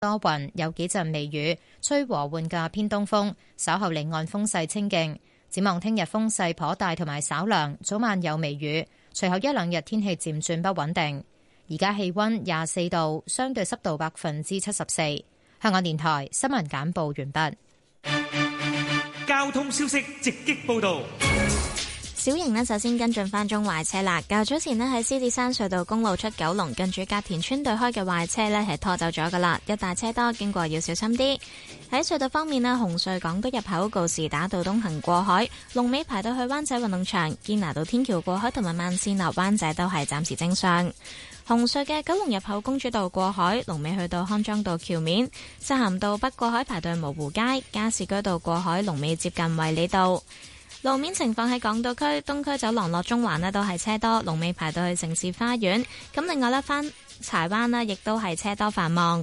多雲，有幾陣微雨，吹和緩嘅偏東風。稍後離岸風勢清勁，展望聽日風勢頗大，同埋稍涼，早晚有微雨。隨後一兩日天氣漸轉不穩定。而家氣溫廿四度，相對濕度百分之七十四。香港電台新聞簡報完畢。交通消息直擊報道。小型呢，首先跟進翻中壞車啦。較早前呢，喺獅子山隧道公路出九龍，跟住隔田村對開嘅壞車呢，係拖走咗噶啦。一大車多經過要小心啲。喺隧道方面呢，紅隧港島入口告士打道東行過海，龍尾排到去灣仔運動場；堅拿道天橋過海同埋慢線落灣仔都係暫時正常。紅隧嘅九龍入口公主道過海，龍尾去到康莊道橋面；漆咸道北過海排到蕪湖街，加士居道過海龍尾接近衛理道。路面情況喺港島區、東區走廊、落中環呢都係車多，龍尾排到去城市花園。咁另外呢，翻柴灣呢，亦都係車多繁忙。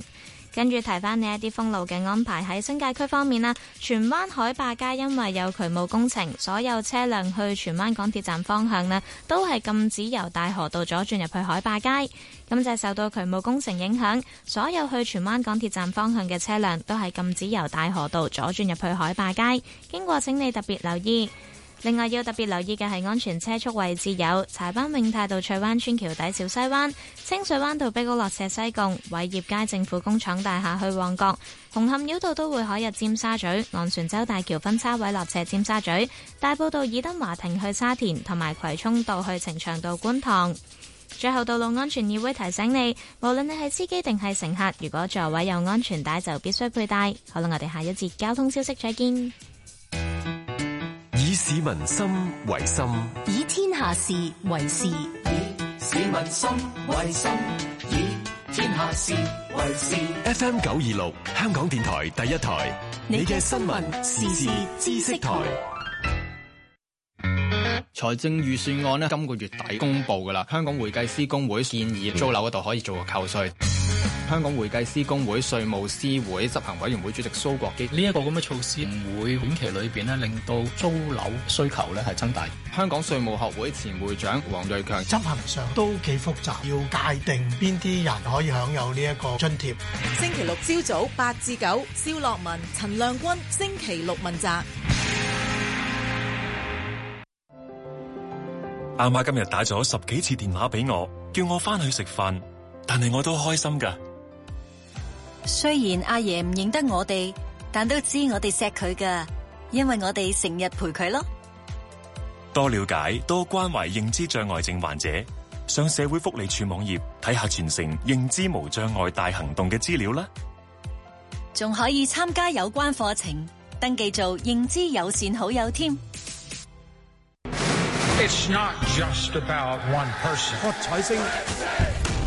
跟住提翻呢一啲封路嘅安排，喺新界區方面啦，荃灣海壩街因為有渠務工程，所有車輛去荃灣港鐵站方向呢，都係禁止由大河道左轉入去海壩街。咁就係受到渠務工程影響，所有去荃灣港鐵站方向嘅車輛都係禁止由大河道左轉入去海壩街。經過，請你特別留意。另外要特別留意嘅係安全車速位置，有柴灣永泰道翠灣村橋底、小西灣清水灣道、碧高落斜西貢偉業街政府工廠大廈去旺角、紅磡繞道都會海入尖沙咀、昂船洲大橋分叉位落斜尖沙咀、大埔道爾登華庭去沙田同埋葵涌道去呈祥道觀塘。最後，道路安全議會提醒你，無論你係司機定係乘客，如果座位有安全帶，就必須佩戴。好啦，我哋下一節交通消息再見。市民心為心，以天下事為事。以市民心為心，以天下事為事。F M 九二六，香港電台第一台。你嘅新聞時事知識台。財政預算案呢，今個月底公布㗎喇。香港會計師公會建議租樓度可以做個扣稅。香港會計師公會稅務司會執行委員會主席蘇國基，呢一個咁嘅措施，唔會短期裏邊令到租樓需求咧係增大。香港稅務學會前會長黃瑞強，執行上都幾複雜，要界定邊啲人可以享有呢一個津貼。星期六朝早八至九，肖樂文、陳亮君，星期六問責。阿媽今日打咗十幾次電話俾我，叫我翻去食飯，但係我都開心噶。雖然阿爺唔認得我哋，但都知我哋錫佢㗎，因為我哋成日陪佢咯。多了解，多關懷認知障礙症患者，上社會福利處網頁睇下《全城認知無障礙大行動》嘅資料啦。仲可以參加有關課程，登記做認知友善好友添。我彩星。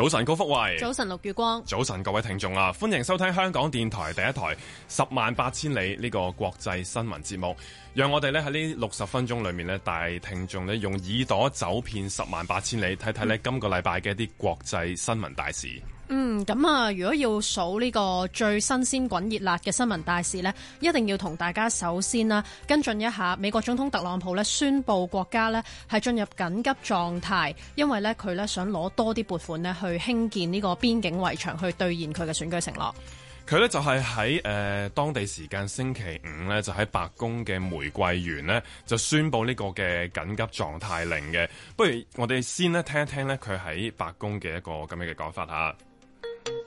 早晨，高福慧。早晨，六月光。早晨，各位聽眾啊，歡迎收聽香港電台第一台《十萬八千里》呢個國際新聞節目，讓我哋咧喺呢六十分鐘裏面咧，帶聽眾咧用耳朵走遍十萬八千里，睇睇咧今個禮拜嘅一啲國際新聞大事。嗯，咁啊，如果要數呢個最新鮮滾熱辣嘅新聞大事呢，一定要同大家首先啦跟進一下美國總統特朗普呢，宣布國家呢係進入緊急狀態，因為呢，佢呢想攞多啲撥款呢去興建呢個邊境圍牆，去兌現佢嘅選舉承諾。佢呢就係喺誒當地時間星期五呢，就喺白宮嘅玫瑰園呢，就宣布呢個嘅緊急狀態令嘅。不如我哋先呢聽一聽呢，佢喺白宮嘅一個咁樣嘅講法吓。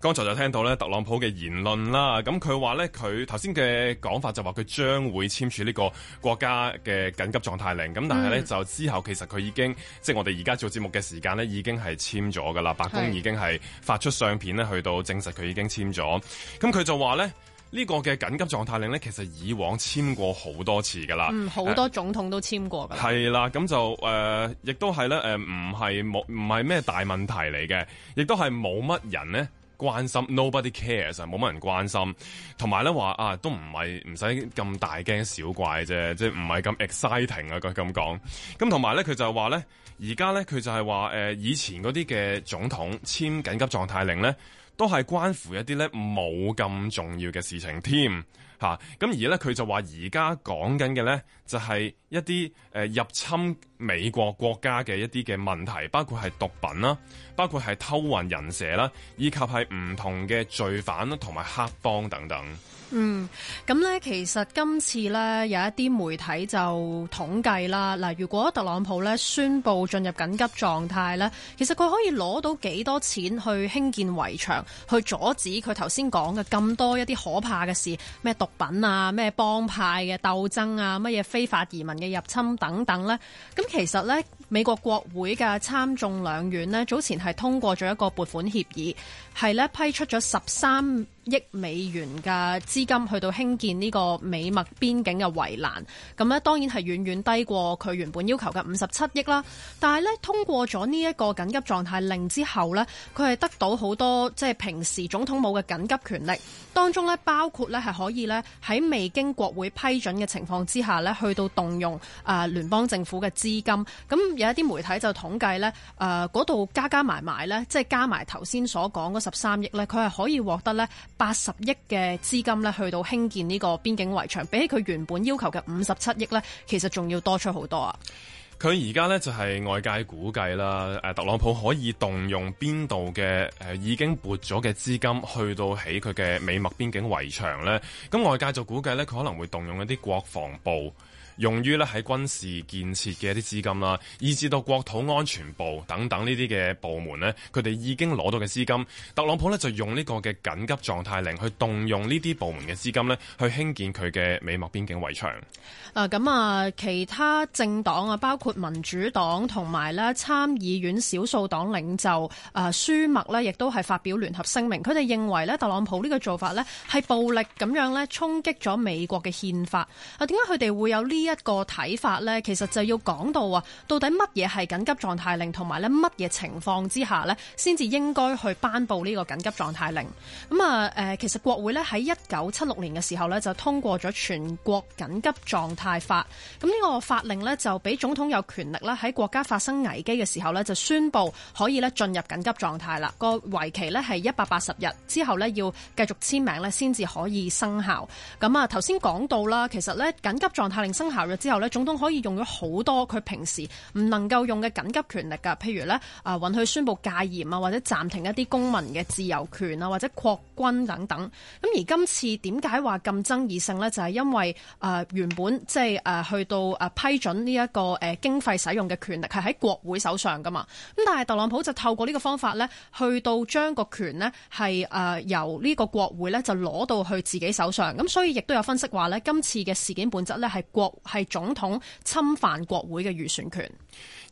剛才就聽到咧特朗普嘅言論啦，咁佢話咧佢頭先嘅講法就話佢將會簽署呢個國家嘅緊急狀態令，咁但係咧、嗯、就之後其實佢已經即係我哋而家做節目嘅時間咧已經係簽咗噶啦，白宮已經係發出相片咧去到證實佢已經簽咗，咁佢就話咧呢、呢個嘅緊急狀態令咧其實以往簽過好多次噶啦，好、嗯、多總統都簽過噶，係、呃、啦，咁就誒亦、呃、都係咧誒唔係冇唔係咩大問題嚟嘅，亦都係冇乜人咧關心 Nobody cares，冇乜人關心，同埋咧話啊，都唔係唔使咁大驚小怪啫，即係唔係咁 exciting 啊佢咁講，咁同埋咧佢就係話咧，而家咧佢就係話誒以前嗰啲嘅總統簽緊急狀態令咧，都係關乎一啲咧冇咁重要嘅事情添吓，咁、啊、而咧佢就話而家講緊嘅咧就係、是、一啲誒、呃、入侵。美國國家嘅一啲嘅問題，包括係毒品啦，包括係偷運人蛇啦，以及係唔同嘅罪犯啦，同埋黑幫等等。嗯，咁呢，其實今次呢，有一啲媒體就統計啦，嗱，如果特朗普呢宣布進入緊急狀態呢，其實佢可以攞到幾多錢去興建圍牆，去阻止佢頭先講嘅咁多一啲可怕嘅事，咩毒品啊，咩幫派嘅鬥爭啊，乜嘢非法移民嘅入侵等等呢。咁。其實咧。美國國會嘅參眾兩院呢早前係通過咗一個撥款協議，係咧批出咗十三億美元嘅資金去到興建呢個美墨邊境嘅圍欄。咁呢當然係遠遠低過佢原本要求嘅五十七億啦。但係呢通過咗呢一個緊急狀態令之後呢佢係得到好多即係平時總統冇嘅緊急權力，當中呢包括呢係可以呢喺未經國會批准嘅情況之下呢去到動用啊、呃、聯邦政府嘅資金咁。有一啲媒體就統計咧，誒嗰度加加埋埋咧，即係加埋頭先所講嗰十三億咧，佢係可以獲得咧八十億嘅資金咧，去到興建呢個邊境圍牆，比起佢原本要求嘅五十七億咧，其實仲要多出好多啊！佢而家咧就係外界估計啦，誒特朗普可以動用邊度嘅誒已經撥咗嘅資金去到起佢嘅美墨邊境圍牆咧，咁外界就估計咧，佢可能會動用一啲國防部。用於咧喺軍事建設嘅一啲資金啦，以至到國土安全部等等呢啲嘅部門呢，佢哋已經攞到嘅資金，特朗普呢就用呢個嘅緊急狀態令去動用呢啲部門嘅資金呢，去興建佢嘅美墨邊境圍牆。嗱、啊、咁啊，其他政黨啊，包括民主黨同埋咧參議院少數黨領袖啊，舒默咧，亦都係發表聯合聲明，佢哋認為呢特朗普呢個做法呢，係暴力咁樣呢，衝擊咗美國嘅憲法。啊，點解佢哋會有呢、呢個？一個睇法呢，其實就要講到啊，到底乜嘢係緊急狀態令，同埋咧乜嘢情況之下呢，先至應該去頒布呢個緊急狀態令。咁啊，誒，其實國會呢，喺一九七六年嘅時候呢，就通過咗全國緊急狀態法。咁呢個法令呢，就俾總統有權力啦，喺國家發生危機嘅時候呢，就宣布可以呢進入緊急狀態啦。個為期呢，係一百八十日之後呢，要繼續簽名呢，先至可以生效。咁啊，頭先講到啦，其實呢緊急狀態令生效。效約之後咧，總統可以用咗好多佢平時唔能夠用嘅緊急權力㗎，譬如呢，啊允許宣佈戒嚴啊，或者暫停一啲公民嘅自由權啊，或者擴軍等等。咁而今次點解話咁爭議性呢？就係、是、因為啊、呃、原本即係啊、呃、去到啊批准呢、這、一個誒、呃、經費使用嘅權力係喺國會手上㗎嘛。咁但係特朗普就透過呢個方法呢，去到將個權呢係誒、呃、由呢個國會呢就攞到去自己手上。咁所以亦都有分析話呢，今次嘅事件本質呢係國。係總統侵犯國會嘅預算權。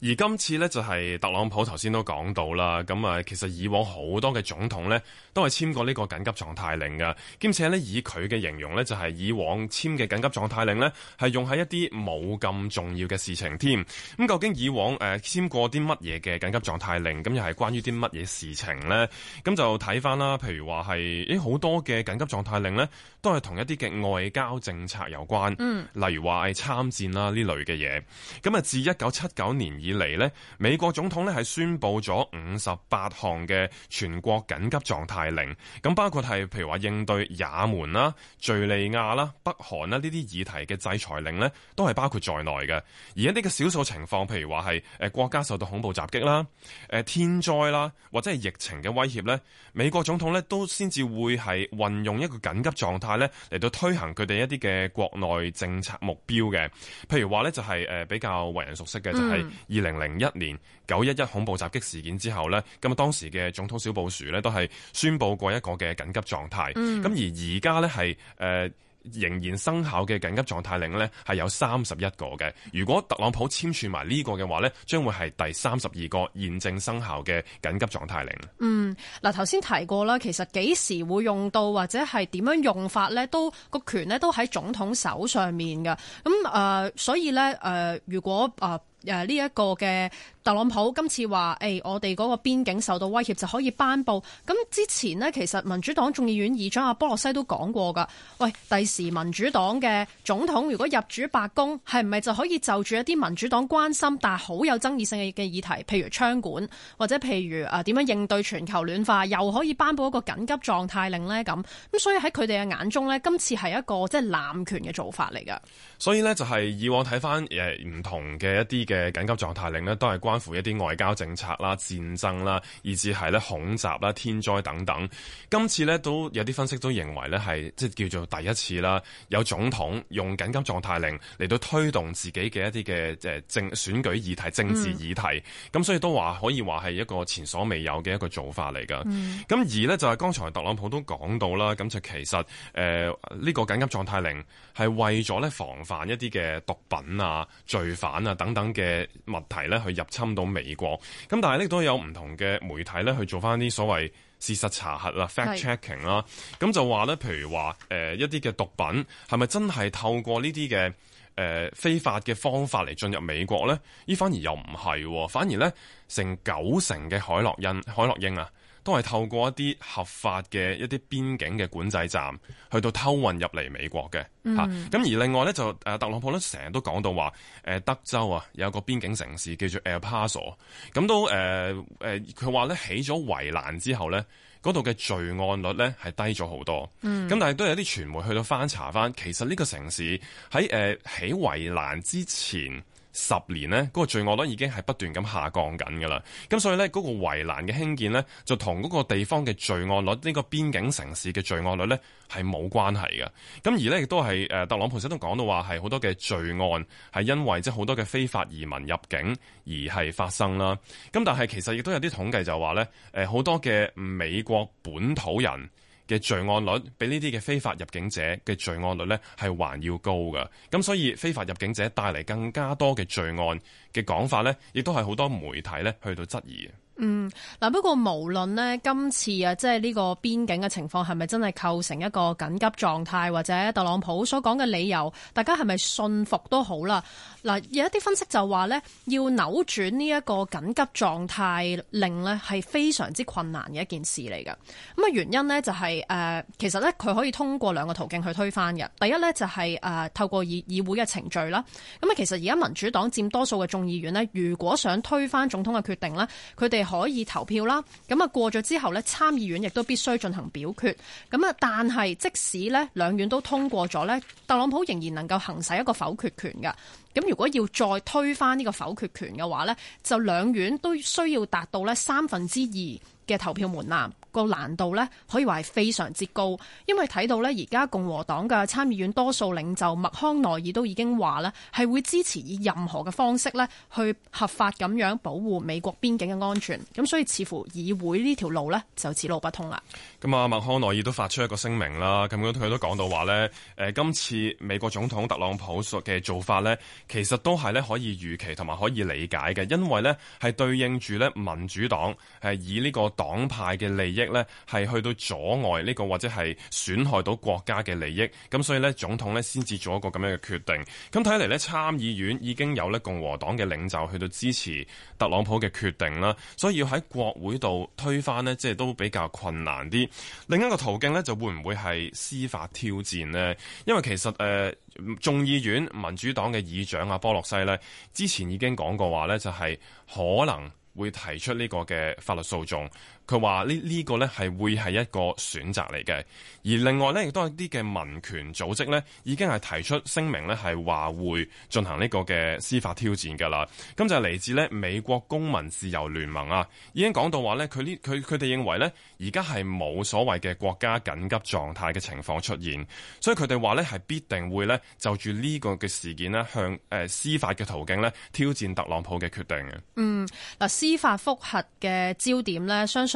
而今次呢，就係特朗普頭先都講到啦，咁啊其實以往好多嘅總統咧都係簽過呢個緊急狀態令嘅，兼且咧以佢嘅形容咧就係以往簽嘅緊急狀態令咧係用喺一啲冇咁重要嘅事情添。咁究竟以往誒、呃、簽過啲乜嘢嘅緊急狀態令？咁又係關於啲乜嘢事情咧？咁就睇翻啦，譬如話係誒好多嘅緊急狀態令咧都係同一啲嘅外交政策有關。嗯，例如話係參戰啦呢類嘅嘢。咁啊自一九七九年。以嚟呢，美國總統呢，係宣布咗五十八項嘅全國緊急狀態令，咁包括係譬如話應對也門啦、敘利亞啦、北韓啦呢啲議題嘅制裁令呢，都係包括在內嘅。而一啲嘅少數情況，譬如話係誒國家受到恐怖襲擊啦、誒天災啦，或者係疫情嘅威脅咧，美國總統呢，都先至會係運用一個緊急狀態咧嚟到推行佢哋一啲嘅國內政策目標嘅，譬如話咧就係、是、誒比較為人熟悉嘅就係、是。二零零一年九一一恐怖襲擊事件之後呢，咁、啊，當時嘅總統小布什呢都係宣布過一個嘅緊急狀態。咁、嗯、而而家呢係誒仍然生效嘅緊急狀態令呢，係有三十一個嘅。如果特朗普簽署埋呢個嘅話呢，將會係第三十二個現正生效嘅緊急狀態令。嗯，嗱，頭先提過啦，其實幾時會用到或者係點樣用法呢？都個權呢都喺總統手上面嘅。咁誒、呃，所以呢，誒、呃，如果、呃誒呢一個嘅特朗普今次話，誒、哎、我哋嗰個邊境受到威脅就可以頒布。咁之前呢，其實民主黨眾議院議長阿波洛西都講過㗎。喂，第時民主黨嘅總統如果入主白宮，係唔係就可以就住一啲民主黨關心但係好有爭議性嘅嘅議題，譬如槍管或者譬如誒點、啊、樣應對全球暖化，又可以頒布一個緊急狀態令呢？咁咁，所以喺佢哋嘅眼中呢，今次係一個即係、就是、濫權嘅做法嚟㗎。所以呢，就係以往睇返誒唔同嘅一啲嘅。嘅緊急狀態令咧，都係關乎一啲外交政策啦、戰爭啦，以至係咧恐襲啦、天災等等。今次咧都有啲分析都認為咧係即係叫做第一次啦，有總統用緊急狀態令嚟到推動自己嘅一啲嘅即政選舉議題、政治議題。咁、嗯、所以都話可以話係一個前所未有嘅一個做法嚟㗎。咁、嗯、而呢，就係剛才特朗普都講到啦，咁就其實誒呢個緊急狀態令係為咗咧防範一啲嘅毒品啊、罪犯啊等等。嘅物體咧去入侵到美國，咁但係呢都有唔同嘅媒體咧去做翻啲所謂事實查核啦，fact checking 啦，咁就話咧，譬如話誒一啲嘅毒品係咪真係透過呢啲嘅誒非法嘅方法嚟進入美國咧？呢反而又唔係，反而咧成九成嘅海洛因海洛英啊！都係透過一啲合法嘅一啲邊境嘅管制站去到偷運入嚟美國嘅咁、mm -hmm. 而另外咧就特朗普咧成日都講到話德州啊有個邊境城市叫做 El Paso，咁都誒誒佢話咧起咗圍欄之後咧嗰度嘅罪案率咧係低咗好多，咁、mm -hmm. 但係都有啲傳媒去到翻查翻，其實呢個城市喺、呃、起圍欄之前。十年呢嗰個罪案率已經係不斷咁下降緊㗎啦。咁所以呢，嗰個圍欄嘅興建呢，就同嗰個地方嘅罪案率，呢個邊境城市嘅罪案率呢，係冇關係嘅。咁而呢，亦都係特朗普先生都講到話係好多嘅罪案係因為即係好多嘅非法移民入境而係發生啦。咁但係其實亦都有啲統計就話呢，好多嘅美國本土人。嘅罪案率，比呢啲嘅非法入境者嘅罪案率呢，係還要高嘅。咁所以非法入境者帶嚟更加多嘅罪案嘅講法呢，亦都係好多媒體呢去到質疑嘅。嗯，嗱，不過無論呢今次啊，即係呢個邊境嘅情況係咪真係構成一個緊急狀態，或者特朗普所講嘅理由，大家係咪信服都好啦。嗱、嗯，有一啲分析就話呢，要扭轉呢一個緊急狀態令呢係非常之困難嘅一件事嚟嘅。咁啊，原因呢就係、是、誒、呃，其實呢佢可以通過兩個途徑去推翻嘅。第一呢就係、是、誒、呃，透過議議會嘅程序啦。咁啊，其實而家民主黨佔多數嘅眾議院咧，如果想推翻總統嘅決定咧，佢哋可以投票啦，咁啊過咗之後呢，參議院亦都必須進行表決，咁啊但係即使呢兩院都通過咗呢，特朗普仍然能夠行使一個否決權嘅，咁如果要再推翻呢個否決權嘅話呢，就兩院都需要達到呢三分之二嘅投票門檻。個難度呢可以話係非常之高，因為睇到呢而家共和黨嘅參議院多數領袖麥康奈爾都已經話呢係會支持以任何嘅方式呢去合法咁樣保護美國邊境嘅安全，咁所以似乎議會呢條路呢就此路不通啦。咁啊，麥康奈爾都發出一個聲明啦，咁佢都講到話呢，誒，今次美國總統特朗普嘅做法呢，其實都係呢可以預期同埋可以理解嘅，因為呢係對應住呢民主黨係以呢個黨派嘅利益。呢係去到阻礙呢、呢個或者係損害到國家嘅利益，咁所以呢，總統呢先至做一個咁樣嘅決定。咁睇嚟呢，參議院已經有呢共和黨嘅領袖去到支持特朗普嘅決定啦，所以要喺國會度推翻呢，即係都比較困難啲。另一個途徑呢，就會唔會係司法挑戰呢？因為其實誒、呃、眾議院民主黨嘅議長阿波洛西呢，之前已經講過話呢，就係、是、可能會提出呢個嘅法律訴訟。佢話呢，呢個咧係會係一個選擇嚟嘅，而另外咧亦都係啲嘅民權組織咧已經係提出聲明咧，係話會進行呢個嘅司法挑戰噶啦。咁就係嚟自咧美國公民自由聯盟啊，已經講到話咧佢呢，佢佢哋認為咧而家係冇所謂嘅國家緊急狀態嘅情況出現，所以佢哋話咧係必定會咧就住呢個嘅事件咧向誒司法嘅途徑咧挑戰特朗普嘅決定嘅。嗯，嗱司法復核嘅焦點咧，相信。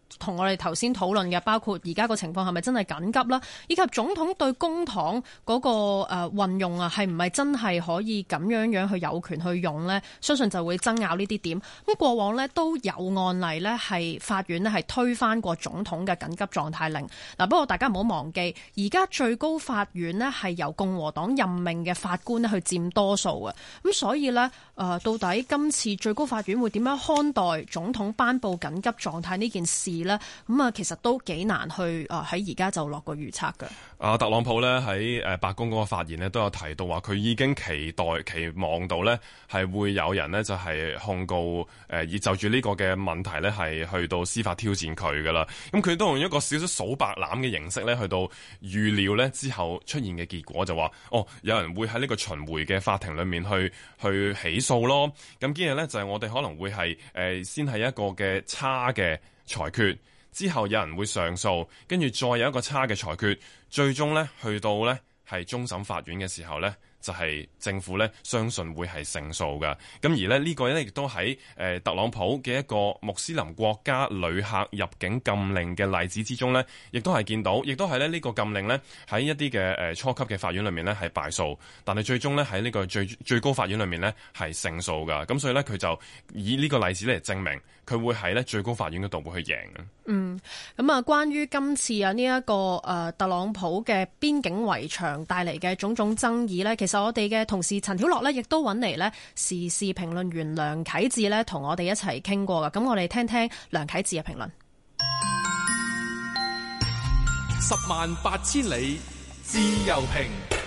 同我哋頭先討論嘅，包括而家個情況係咪真係緊急啦？以及總統對公帑嗰、那個、呃、運用啊，係唔係真係可以咁樣樣去有權去用呢？相信就會爭拗呢啲點。咁過往呢都有案例呢係法院呢係推翻過總統嘅緊急狀態令。嗱，不過大家唔好忘記，而家最高法院呢係由共和黨任命嘅法官去佔多數嘅。咁所以呢、呃，到底今次最高法院會點樣看待總統頒布緊急狀態呢件事呢？咁啊，其實都幾難去啊。喺而家就落個預測㗎。阿特朗普咧喺誒白宮嗰個發言咧，都有提到話佢已經期待期望到咧，係會有人呢就係控告誒，以就住呢個嘅問題咧係去到司法挑戰佢㗎喇。咁佢都用一個少少數白欖嘅形式咧去到預料咧之後出現嘅結果就話哦，有人會喺呢個巡回嘅法庭裏面去去起訴咯。咁今日咧就係我哋可能會係誒先係一個嘅差嘅。裁決之後，有人會上訴，跟住再有一個差嘅裁決，最終呢，去到呢係終審法院嘅時候呢，就係、是、政府呢相信會係勝訴嘅。咁而呢呢、這個呢，亦都喺誒、呃、特朗普嘅一個穆斯林國家旅客入境禁令嘅例子之中呢，亦都係見到，亦都係呢呢個禁令呢喺一啲嘅誒初級嘅法院裏面呢係敗訴，但係最終呢喺呢個最最高法院裏面呢係勝訴嘅。咁所以呢，佢就以呢個例子嚟證明。佢會喺咧最高法院嗰度會去贏嘅。嗯，咁啊，關於今次啊呢一個誒、呃、特朗普嘅邊境圍牆帶嚟嘅種種爭議呢其實我哋嘅同事陳曉樂呢亦都揾嚟呢時事評論員梁啟智呢同我哋一齊傾過嘅。咁我哋聽聽梁啟智嘅評論。十萬八千里自由評。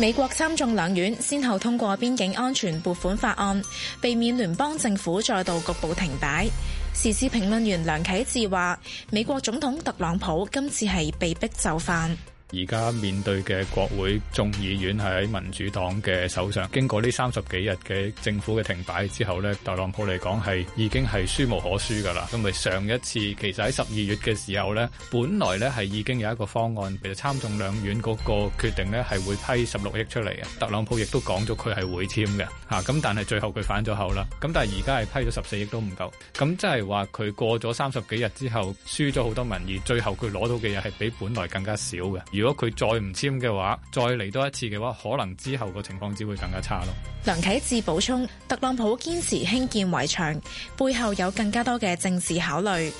美國參眾兩院先後通過邊境安全撥款法案，避免聯邦政府再度局部停擺。時事評論員梁啟智話：美國總統特朗普今次係被逼就範。而家面對嘅國會眾議院係喺民主黨嘅手上，經過呢三十幾日嘅政府嘅停擺之後呢，特朗普嚟講係已經係輸無可輸噶啦。因為上一次其實喺十二月嘅時候呢，本來呢係已經有一個方案，譬如參眾兩院嗰個決定呢係會批十六億出嚟嘅，特朗普亦都講咗佢係會簽嘅嚇。咁但係最後佢反咗口啦。咁但係而家係批咗十四億都唔夠。咁即係話佢過咗三十幾日之後，輸咗好多民意，最後佢攞到嘅嘢係比本來更加少嘅。如果佢再唔簽嘅話，再嚟多一次嘅話，可能之後個情況只會更加差咯。梁啟智補充，特朗普堅持興建圍牆，背後有更加多嘅政治考慮。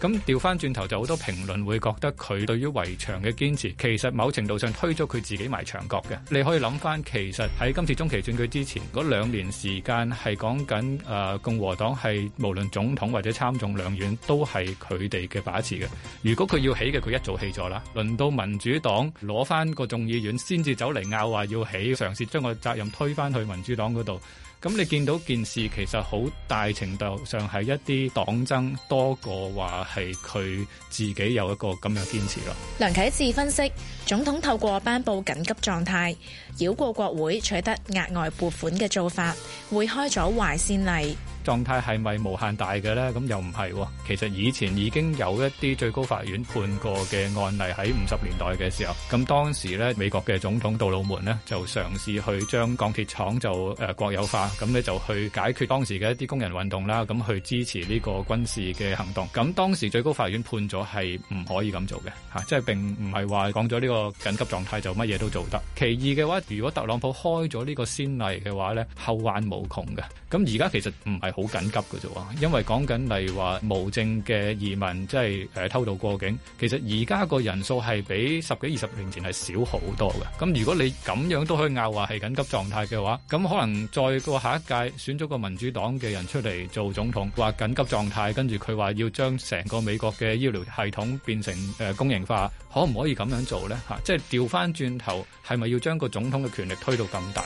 咁調翻轉頭就好多評論會覺得佢對於圍牆嘅堅持，其實某程度上推咗佢自己埋牆角嘅。你可以諗翻，其實喺今次中期選舉之前嗰兩年時間係講緊共和黨係無論總統或者參眾兩院都係佢哋嘅把持嘅。如果佢要起嘅，佢一早起咗啦。輪到民主黨攞翻個眾議院，先至走嚟拗話要起，嘗試將個責任推返去民主黨嗰度。咁你見到件事其實好大程度上係一啲黨爭多過話係佢自己有一個咁嘅堅持咯。梁啟智分析，總統透過頒布緊急狀態繞過國會取得額外撥款嘅做法，會開咗壞先例。狀態係咪無限大嘅呢？咁又唔係，哦。其實以前已經有一啲最高法院判過嘅案例喺五十年代嘅時候。咁當時呢，美國嘅總統杜魯門呢，就嘗試去將鋼鐵廠就誒、呃、國有化，咁呢就去解決當時嘅一啲工人運動啦，咁去支持呢個軍事嘅行動。咁當時最高法院判咗係唔可以咁做嘅，吓、啊，即係並唔係話講咗呢個緊急狀態就乜嘢都做得。其二嘅話，如果特朗普開咗呢個先例嘅話呢，後患無窮嘅。咁而家其實唔係。好緊急㗎啫喎，因為講緊例如話無證嘅移民即係、呃、偷渡過境，其實而家個人數係比十幾二十年前係少好多嘅。咁如果你咁樣都可以拗話係緊急狀態嘅話，咁可能再過下一屆選咗個民主黨嘅人出嚟做總統，話緊急狀態，跟住佢話要將成個美國嘅醫療系統變成、呃、公營化，可唔可以咁樣做呢？啊、即係調翻轉頭，係咪要將個總統嘅權力推到咁大？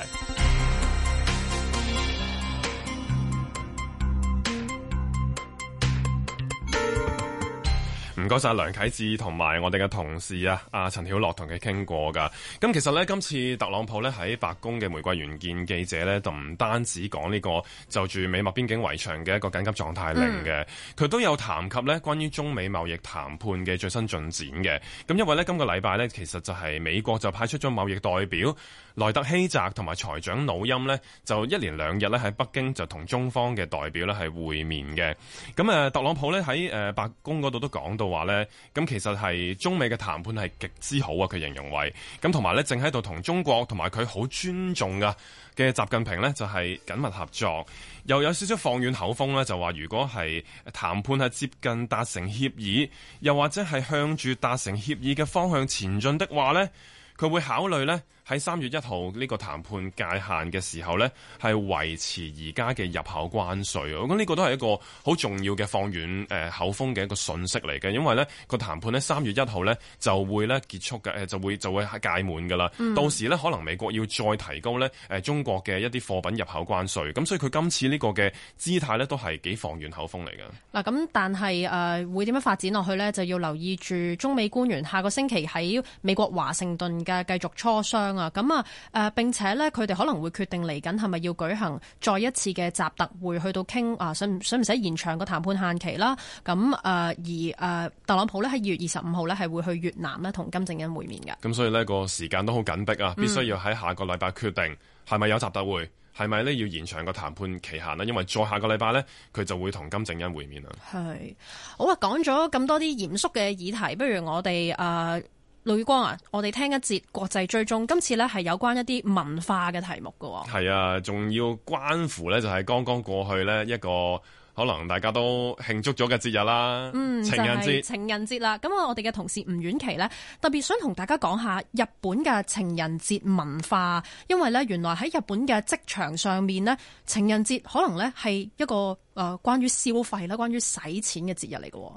唔該曬梁啟智同埋我哋嘅同事啊，阿、啊、陳曉樂同佢傾過㗎。咁其實呢，今次特朗普呢喺白宮嘅玫瑰園見記者呢，就唔單止講呢個就住美墨邊境圍牆嘅一個緊急狀態令嘅，佢、嗯、都有談及呢關於中美貿易談判嘅最新進展嘅。咁因為呢，今個禮拜呢，其實就係美國就派出咗貿易代表。萊特希澤同埋財長紐欽呢，就一連兩日呢喺北京就同中方嘅代表呢係會面嘅。咁特朗普呢，喺、呃、白宮嗰度都講到話呢，咁其實係中美嘅談判係極之好啊，佢形容為咁，同埋呢正喺度同中國同埋佢好尊重㗎嘅習近平呢，就係、是、緊密合作，又有少少放軟口風呢，就話如果係談判係接近達成協議，又或者係向住達成協議嘅方向前進的話呢，佢會考慮呢。喺三月一號呢個談判界限嘅時候呢係維持而家嘅入口關稅，我覺得呢個都係一個好重要嘅放軟誒口風嘅一個訊息嚟嘅，因為呢、呢個談判咧三月一號呢就會咧結束嘅，誒就會就會屆滿㗎喇、嗯。到時呢，可能美國要再提高呢誒中國嘅一啲貨品入口關稅，咁所以佢今次呢個嘅姿態呢，都係幾放軟口風嚟嘅。嗱咁，但係誒會點樣發展落去呢？就要留意住中美官員下個星期喺美國華盛頓嘅繼續磋商。啊，咁啊，誒，並且呢，佢哋可能會決定嚟緊係咪要舉行再一次嘅集特會，去到傾啊，想唔想唔使延長個談判限期啦？咁誒、呃，而誒、呃，特朗普呢，喺二月二十五號呢，係會去越南呢，同金正恩會面嘅。咁所以呢個時間都好緊迫啊，嗯、必須要喺下個禮拜決定係咪有集特會，係咪呢？要延長個談判期限呢？因為再下個禮拜呢，佢就會同金正恩會面啦。係，好啊，講咗咁多啲嚴肅嘅議題，不如我哋誒。呃呂光啊！我哋聽一節國際追蹤，今次呢係有關一啲文化嘅題目噶喎。係啊，仲要關乎呢，就係剛剛過去呢一個可能大家都慶祝咗嘅節日啦。嗯，情人節，就係，情人節啦。咁啊，我哋嘅同事吳婉琪呢，特別想同大家講下日本嘅情人節文化，因為呢，原來喺日本嘅職場上面呢，情人節可能呢係一個誒關於消費啦，關於使錢嘅節日嚟喎。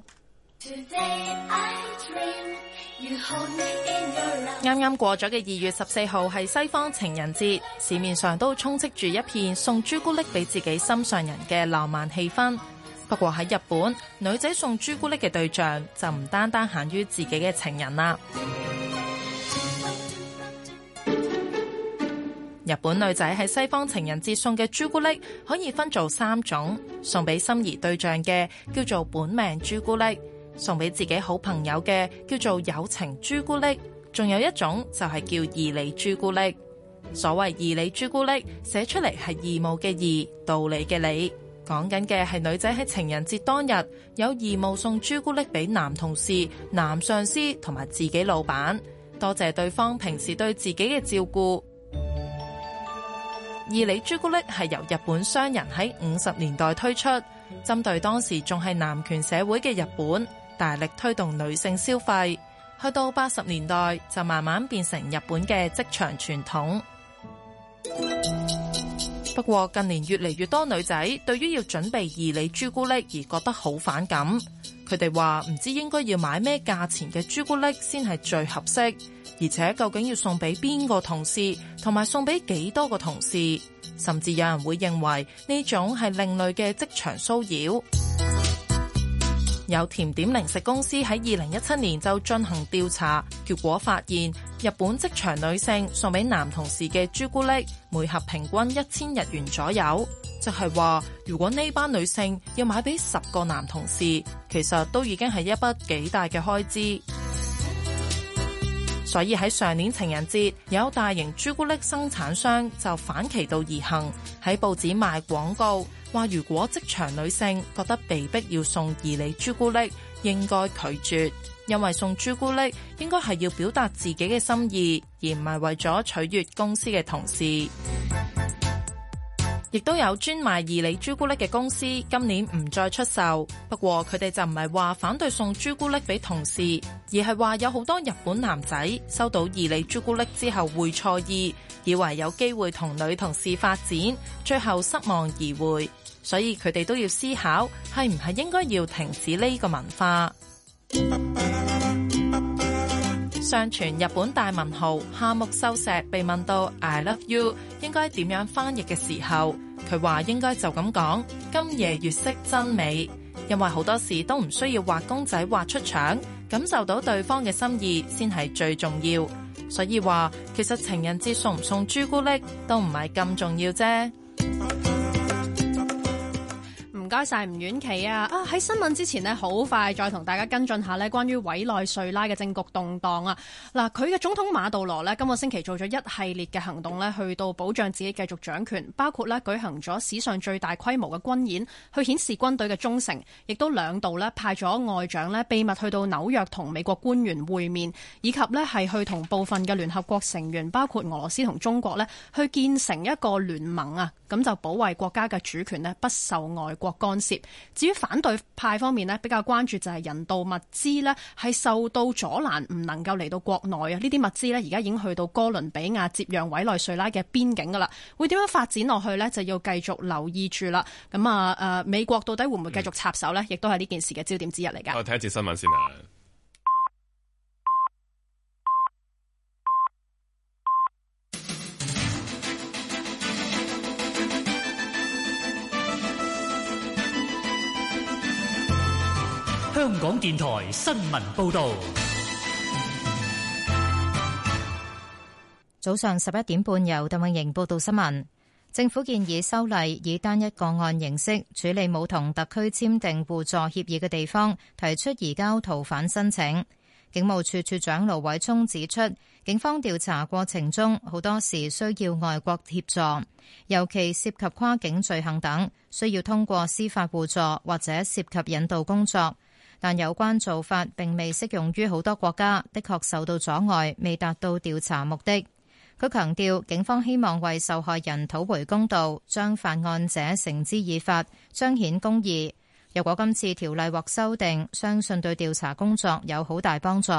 啱啱過咗嘅二月十四號係西方情人節，市面上都充斥住一片送朱古力俾自己心上人嘅浪漫氣氛。不過喺日本，女仔送朱古力嘅對象就唔單單限於自己嘅情人啦。日本女仔喺西方情人節送嘅朱古力可以分做三種，送俾心儀對象嘅叫做本命朱古力。送俾自己好朋友嘅叫做友情朱古力，仲有一種就係、是、叫義理朱古力。所謂義理朱古力，寫出嚟係義務嘅義，道理嘅理，講緊嘅係女仔喺情人節當日有義務送朱古力俾男同事、男上司同埋自己老闆，多謝對方平時對自己嘅照顧。義理朱古力係由日本商人喺五十年代推出，針對當時仲係男權社會嘅日本，大力推動女性消費，去到八十年代就慢慢變成日本嘅職場傳統。不過近年越嚟越多女仔對於要準備義理朱古力而覺得好反感。佢哋話唔知道應該要買咩價錢嘅朱古力先係最合適，而且究竟要送俾邊個同事，同埋送俾幾多個同事，甚至有人會認為呢種係另類嘅職場騷擾。有甜點零食公司喺二零一七年就進行調查，結果發現日本職場女性送俾男同事嘅朱古力，每盒平均一千日元左右，即係話如果呢班女性要買俾十個男同事，其實都已經係一筆幾大嘅開支。所以喺上年情人節，有大型朱古力生產商就反其道而行喺報紙賣廣告，話如果職場女性覺得被逼要送義理朱古力，應該拒絕，因為送朱古力應該係要表達自己嘅心意，而唔係為咗取悅公司嘅同事。亦都有專賣義理朱古力嘅公司，今年唔再出售。不過佢哋就唔係話反對送朱古力俾同事，而係話有好多日本男仔收到義理朱古力之後會錯意，以為有機會同女同事發展，最後失望而回，所以佢哋都要思考係唔係應該要停止呢個文化。上傳日本大文豪夏目漱石被問到 "I love you" 應該點樣翻譯嘅時候，佢話應該就咁講，今夜月色真美，因為好多時都唔需要畫公仔畫出腸，感受到對方嘅心意先係最重要，所以話其實情人節送唔送朱古力都唔係咁重要啫。唔該晒吳婉琪啊！啊，喺新聞之前咧，好快再同大家跟進下咧，關於委內瑞拉嘅政局動盪啊！嗱，佢嘅總統馬杜羅咧，今個星期做咗一系列嘅行動咧，去到保障自己繼續掌權，包括咧舉行咗史上最大規模嘅軍演，去顯示軍隊嘅忠誠，亦都兩度咧派咗外長咧秘密去到紐約同美國官員會面，以及咧係去同部分嘅聯合國成員包括俄羅斯同中國咧，去建成一個聯盟啊！咁就保衛國家嘅主權咧，不受外國。干涉。至於反對派方面咧，比較關注就係人道物資咧，係受到阻攔，唔能夠嚟到國內啊。呢啲物資咧，而家已經去到哥倫比亞接壤委內瑞拉嘅邊境噶啦，會點樣發展落去呢？就要繼續留意住啦。咁啊，誒、呃，美國到底會唔會繼續插手呢？亦都係呢件事嘅焦點之一嚟㗎。我睇一節新聞先啊。香港電台新聞報道，早上十一點半，由鄧永瑩報道新聞。政府建議修例，以單一個案形式處理冇同特區簽訂互助協議嘅地方提出移交逃犯申請。警務處處長盧偉聰指出，警方調查過程中好多時需要外國協助，尤其涉及跨境罪行等，需要通過司法互助或者涉及引渡工作。但有關做法並未適用於好多國家，的確受到阻礙，未達到調查目的。佢強調，警方希望為受害人討回公道，將犯案者繩之以法，彰顯公義。若果今次條例獲修訂，相信對調查工作有好大幫助。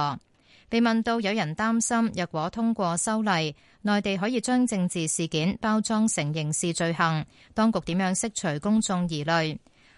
被問到有人擔心，若果通過修例，內地可以將政治事件包裝成刑事罪行，當局點樣釋除公眾疑慮？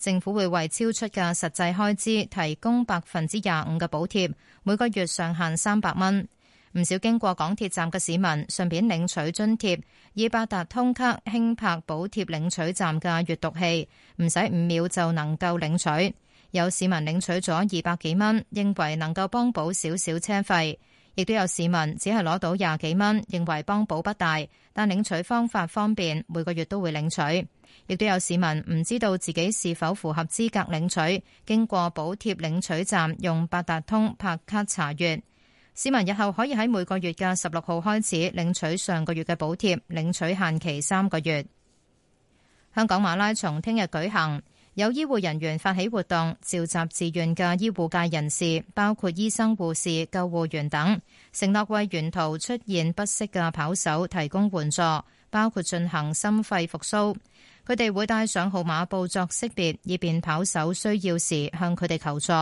政府會為超出嘅實際開支提供百分之廿五嘅補貼，每個月上限三百蚊。唔少經過港鐵站嘅市民順便領取津貼，以八達通卡輕拍補貼領取站嘅閱讀器，唔使五秒就能夠領取。有市民領取咗二百幾蚊，認為能夠幫補少少車費。亦都有市民只係攞到廿幾蚊，認為幫補不大，但領取方法方便，每個月都會領取。亦都有市民唔知道自己是否符合資格領取，經過補貼領取站用八達通拍卡查閱。市民日後可以喺每個月嘅十六號開始領取上個月嘅補貼，領取限期三個月。香港馬拉松聽日舉行。有醫護人員發起活動，召集自願嘅醫護界人士，包括醫生、護士、救護員等，承諾為沿途出現不適嘅跑手提供援助，包括進行心肺復甦。佢哋會帶上號碼布作識別，以便跑手需要時向佢哋求助。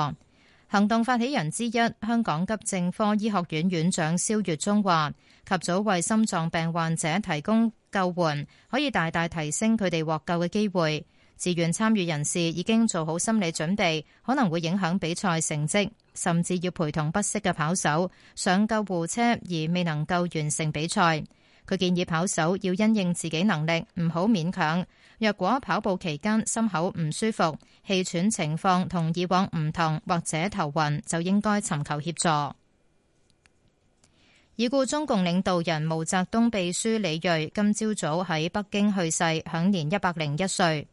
行動發起人之一，香港急症科醫學院院長蕭粵中話：及早為心臟病患者提供救援，可以大大提升佢哋獲救嘅機會。自願參與人士已經做好心理準備，可能會影響比賽成績，甚至要陪同不適嘅跑手上救護車，而未能夠完成比賽。佢建議跑手要因應自己能力，唔好勉強。若果跑步期間心口唔舒服、氣喘情況同以往唔同，或者頭暈，就應該尋求協助。已故中共領導人毛澤東秘書李瑞今朝早喺北京去世，享年一百零一歲。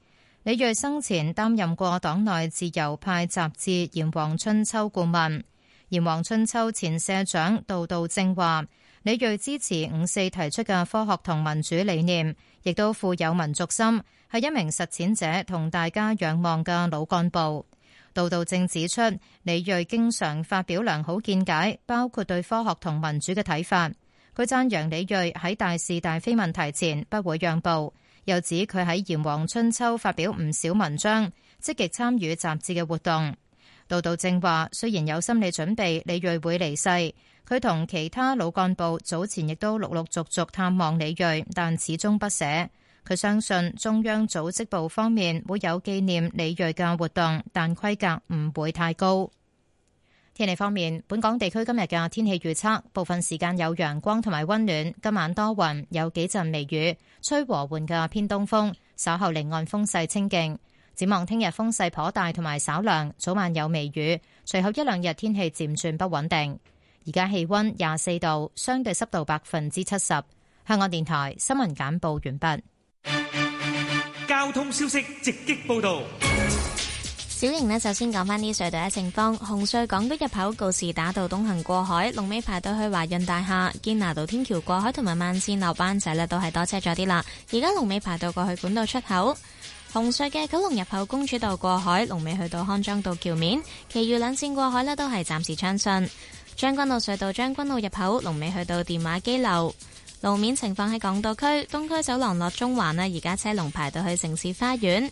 李銳生前擔任過黨內自由派雜誌《炎黃春秋》顧問，《炎黃春秋》前社長杜道正話：李銳支持五四提出嘅科學同民主理念，亦都富有民族心，係一名實踐者同大家仰望嘅老幹部。杜道正指出，李銳經常發表良好見解，包括對科學同民主嘅睇法。佢讚揚李銳喺大是大非問題前不會讓步。又指佢喺《炎黃春秋》發表唔少文章，積極參與雜誌嘅活動。杜道正話，雖然有心理準備李銳會離世，佢同其他老幹部早前亦都陸陸續續探望李銳，但始終不捨，佢相信中央組織部方面會有紀念李銳嘅活動，但規格唔會太高。天氣方面，本港地區今日嘅天氣預測，部分時間有陽光同埋温暖，今晚多雲，有幾陣微雨，吹和緩嘅偏東風，稍後離岸風勢清勁。展望聽日風勢頗大同埋稍涼，早晚有微雨，隨後一兩日天氣漸轉不穩定。而家氣温廿四度，相對濕度百分之七十。香港電台新聞簡報完畢。交通消息直擊報道。小瑩呢，首先講返啲隧道嘅情況。紅隧港島入口告士打道東行過海，龍尾排到去華潤大廈；堅拿道天橋過海同埋慢線落班仔呢都係多車咗啲啦。而家龍尾排到過去管道出口。紅隧嘅九龍入口公主道過海，龍尾去到康莊道橋面。其餘兩線過海呢都係暫時暢順。將軍澳隧道將軍澳入口龍尾去到電話機樓，路面情況喺港島區東區走廊落中環呢，而家車龍排到去城市花園。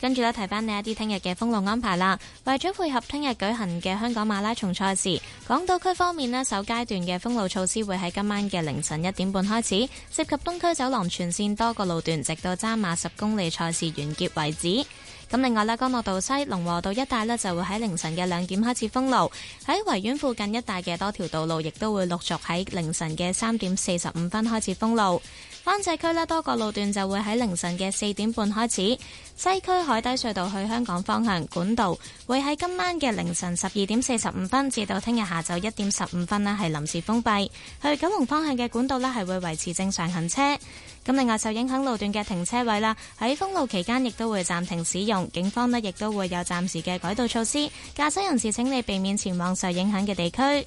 跟住咧，提翻你一啲聽日嘅封路安排啦。為咗配合聽日舉行嘅香港馬拉松賽事，港島區方面呢，首階段嘅封路措施會喺今晚嘅凌晨一點半開始，涉及東區走廊全線多個路段，直到揸馬十公里賽事完結為止。咁另外呢，江樂道西、龍和道一帶呢就會喺凌晨嘅兩點開始封路；喺維園附近一帶嘅多條道路，亦都會陸續喺凌晨嘅三點四十五分開始封路。灣仔區呢，多個路段就會喺凌晨嘅四點半開始。西區海底隧道去香港方向管道會喺今晚嘅凌晨十二點四十五分至到聽日下晝一點十五分呢係臨時封閉，去九龍方向嘅管道呢係會維持正常行車。咁另外受影響路段嘅停車位啦，喺封路期間亦都會暫停使用。警方呢亦都會有暫時嘅改道措施。駕駛人士請你避免前往受影響嘅地區。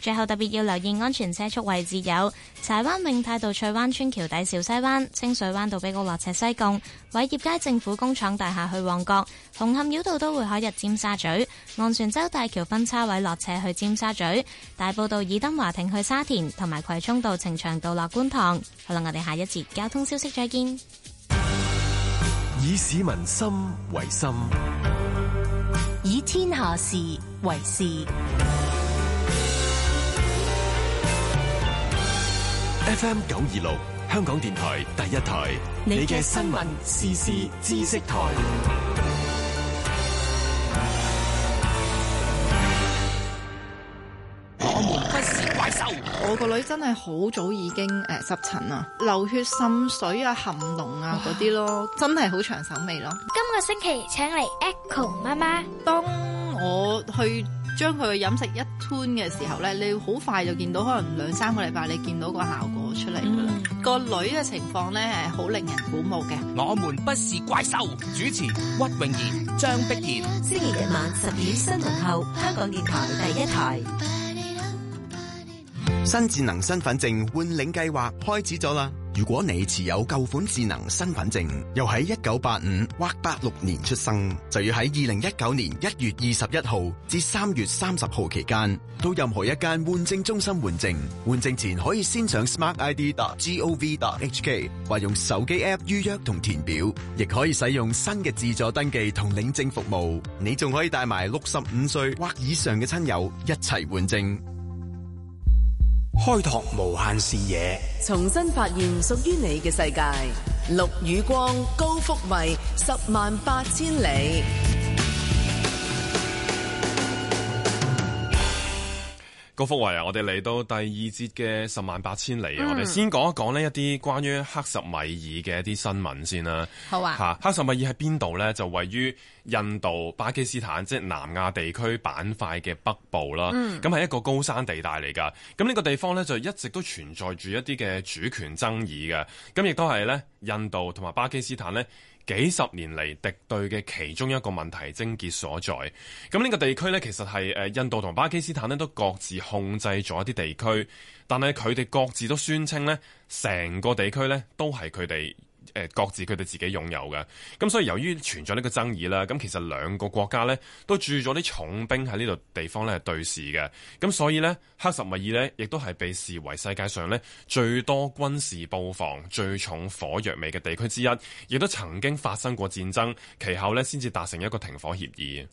最後特別要留意安全車速位置有柴灣永泰道翠灣村橋底、小西灣清水灣道比、畀個落斜西貢、偉業街政府工廠大廈去旺角、紅磡繞道都會可入尖沙咀、昂船洲大橋分叉位落斜去尖沙咀、大埔道以登華庭去沙田同埋葵涌道呈祥道落觀塘。好啦，我哋下一節交通消息再見。以市民心為心，以天下事為事。FM 九二六，香港電台第一台，你嘅新聞、時事、知識台，我們不是。我個女真係好早已經誒濕疹啊、流血滲水啊，含膿啊嗰啲咯，真係好長手尾咯。今個星期請嚟 Echo 媽媽。當我去將佢嘅飲食一吞嘅時候咧，你好快就見到可能兩三個禮拜你見到個效果出嚟噶啦。個女嘅情況咧，係好令人鼓舞嘅。我們不是怪獸，主持屈穎妍、張璧賢。星期日晚十點新聞後，香港電台第一台。新智能身份證換領計劃開始咗啦！如果你持有舊款智能身份證，又喺一九八五或八六年出生，就要喺二零一九年一月二十一號至三月三十號期間，到任何一間換證中心換證。換證前可以先上 smartid.gov.hk，或用手機 app 預約同填表，亦可以使用新嘅自助登記同領證服務。你仲可以帶埋六十五歲或以上嘅親友一齊換證。開拓無限視野，重新發現屬於你嘅世界。綠與光，高幅位，十萬八千里。.高福慧啊，我哋嚟到第二節嘅十萬八千里啊、嗯，我哋先講、講一講呢一啲關於克什米爾嘅一啲新聞先啦。好啊，嚇克什米爾喺邊度呢？就位於印度巴基斯坦即係、就是、南亞地區板塊嘅北部啦。咁、嗯、係一個高山地帶嚟㗎。咁呢個地方呢，就一直都存在住一啲嘅主權爭議嘅。咁亦都係呢印度同埋巴基斯坦呢。幾十年嚟敵對嘅其中一個問題症結所在，咁呢個地區呢，其實係誒印度同巴基斯坦呢都各自控制咗一啲地區，但係佢哋各自都宣稱呢，成個地區呢都係佢哋。誒，各自佢哋自己擁有嘅，咁所以由於存在呢個爭議啦，咁其實兩個國家呢都駐咗啲重兵喺呢度地方咧對峙嘅，咁所以呢，克什米爾呢亦都係被視為世界上呢最多軍事布防、最重火藥味嘅地區之一，亦都曾經發生過戰爭，其後呢，先至達成一個停火協議。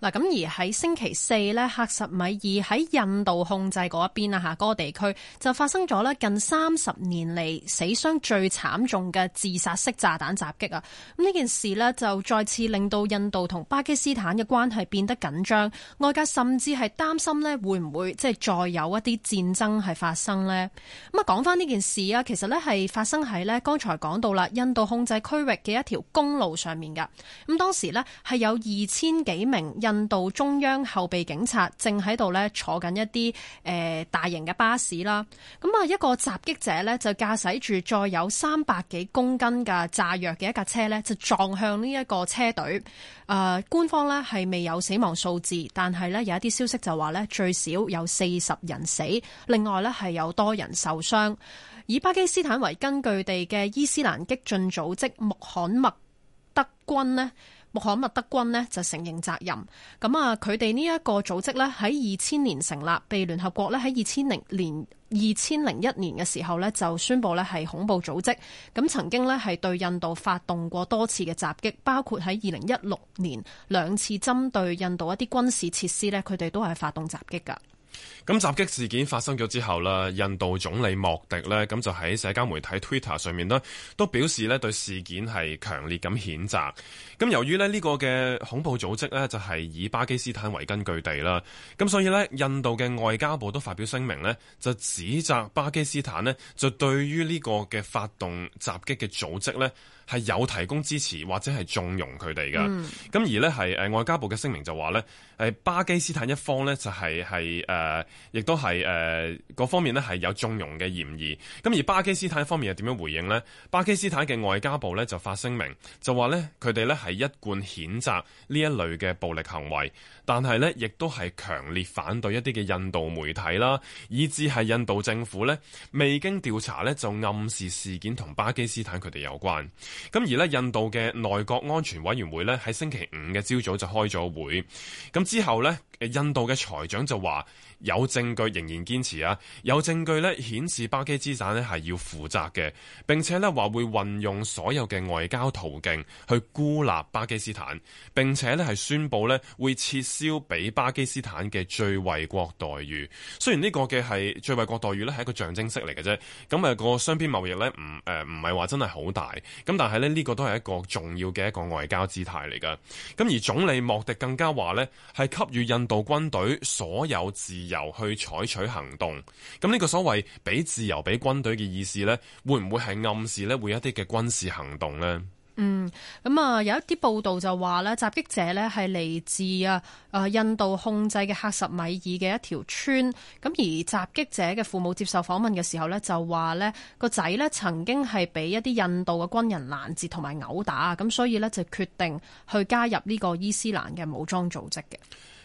嗱，咁而喺星期四咧，克什米爾喺印度控制嗰一邊啊，吓嗰個地區就發生咗咧近三十年嚟死傷最慘重嘅自殺式炸彈襲擊啊！咁呢件事咧就再次令到印度同巴基斯坦嘅關係變得緊張，外界甚至係擔心咧會唔會即係再有一啲戰爭係發生咧？咁啊講翻呢件事啊，其實咧係發生喺咧剛才講到啦，印度控制區域嘅一條公路上面嘅。咁當時咧係有二千幾名印度印度中央後備警察正喺度咧坐緊一啲誒、呃、大型嘅巴士啦，咁啊一個襲擊者呢就駕駛住載有三百幾公斤嘅炸藥嘅一架車呢，就撞向呢一個車隊。誒、呃，官方呢係未有死亡數字，但係呢有一啲消息就話呢最少有四十人死，另外呢係有多人受傷。以巴基斯坦為根據地嘅伊斯蘭激進組織穆罕默德軍呢。穆罕默德軍呢就承認責任。咁啊，佢哋呢一個組織呢喺二千年成立，被聯合國呢喺二千零年、二千零一年嘅時候呢就宣布呢係恐怖組織。咁曾經呢係對印度發動過多次嘅襲擊，包括喺二零一六年兩次針對印度一啲軍事設施呢，佢哋都係發動襲擊㗎。咁襲擊事件發生咗之後啦，印度總理莫迪呢，咁就喺社交媒體 Twitter 上面呢，都表示呢對事件係強烈咁譴責。咁由於呢，呢個嘅恐怖組織呢，就係以巴基斯坦為根據地啦，咁所以呢，印度嘅外交部都發表聲明呢，就指責巴基斯坦呢，就對於呢個嘅發動襲擊嘅組織呢。係有提供支持或者係縱容佢哋嘅。咁而呢係外交部嘅聲明就話呢，誒巴基斯坦一方呢就係係誒，亦、呃、都係誒嗰方面呢係有縱容嘅嫌疑。咁而巴基斯坦方面又點樣回應呢？巴基斯坦嘅外交部呢就發聲明就話呢，佢哋呢係一貫譴責呢一類嘅暴力行為，但係呢亦都係強烈反對一啲嘅印度媒體啦，以至係印度政府呢，未經調查呢就暗示事件同巴基斯坦佢哋有關。咁而咧，印度嘅內閣安全委員會呢，喺星期五嘅朝早就開咗會，咁之後呢，印度嘅財長就話。有證據仍然堅持啊！有證據咧顯示巴基斯坦咧係要負責嘅，並且咧話會運用所有嘅外交途徑去孤立巴基斯坦，並且呢係宣布咧會撤銷俾巴基斯坦嘅最惠國待遇。雖然呢個嘅係最惠國待遇呢係一個象徵式嚟嘅啫，咁、那、誒個雙邊貿易呢，唔誒唔係話真係好大，咁但係咧呢、呢個都係一個重要嘅一個外交姿態嚟噶。咁而總理莫迪更加話呢係給予印度軍隊所有自由去採取行動，咁呢個所謂俾自由俾軍隊嘅意思呢，會唔會係暗示呢？會一啲嘅軍事行動呢？嗯，咁啊有一啲報道就話呢，襲擊者呢係嚟自啊啊印度控制嘅克什米爾嘅一條村，咁而襲擊者嘅父母接受訪問嘅時候呢，就話呢個仔呢曾經係俾一啲印度嘅軍人攔截同埋毆打，咁所以呢，就決定去加入呢個伊斯蘭嘅武裝組織嘅。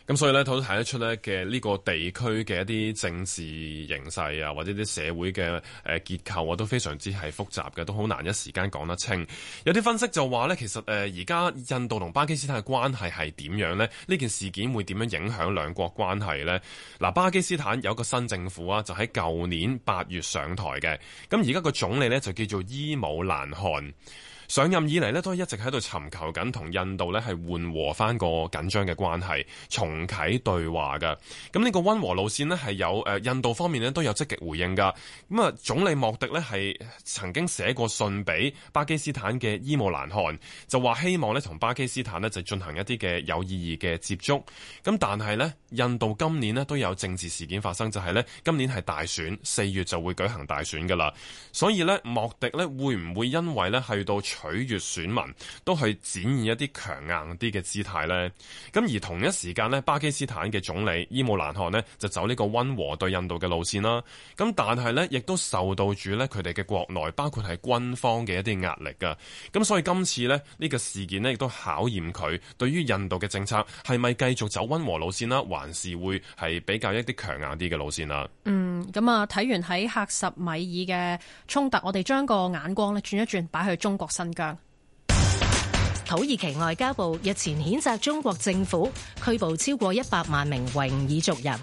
咁所以咧，都睇得出咧嘅呢個地區嘅一啲政治形勢啊，或者啲社會嘅誒結構啊，都非常之係複雜嘅，都好難一時間講得清。有啲分析就話咧，其實誒而家印度同巴基斯坦嘅關係係點樣呢？呢件事件會點樣影響兩國關係呢？嗱，巴基斯坦有一個新政府啊，就喺舊年八月上台嘅。咁而家個總理咧，就叫做伊姆蘭汗。上任以嚟都一直喺度尋求緊同印度呢係緩和翻個緊張嘅關係，重啟對話嘅。咁、這、呢個溫和路線呢係有、呃、印度方面呢都有積極回應㗎。咁啊總理莫迪呢係曾經寫過信俾巴基斯坦嘅伊姆蘭汗，就話希望呢同巴基斯坦呢就進行一啲嘅有意義嘅接觸。咁但係呢，印度今年呢都有政治事件發生，就係、是、呢今年係大選，四月就會舉行大選㗎啦。所以呢，莫迪呢會唔會因為呢去到，取悅選民，都去展現一啲強硬啲嘅姿態呢。咁而同一時間咧，巴基斯坦嘅總理伊姆蘭汗呢，就走呢個溫和對印度嘅路線啦。咁但係呢，亦都受到住咧佢哋嘅國內包括係軍方嘅一啲壓力噶。咁所以今次呢，呢個事件呢，亦都考驗佢對於印度嘅政策係咪繼續走溫和路線啦，還是會係比較一啲強硬啲嘅路線啦。嗯，咁啊睇完喺喀什米爾嘅衝突，我哋將個眼光咧轉一轉，擺去中國身。土耳其外交部日前譴責中國政府拘捕超過一百萬名維吾爾族人。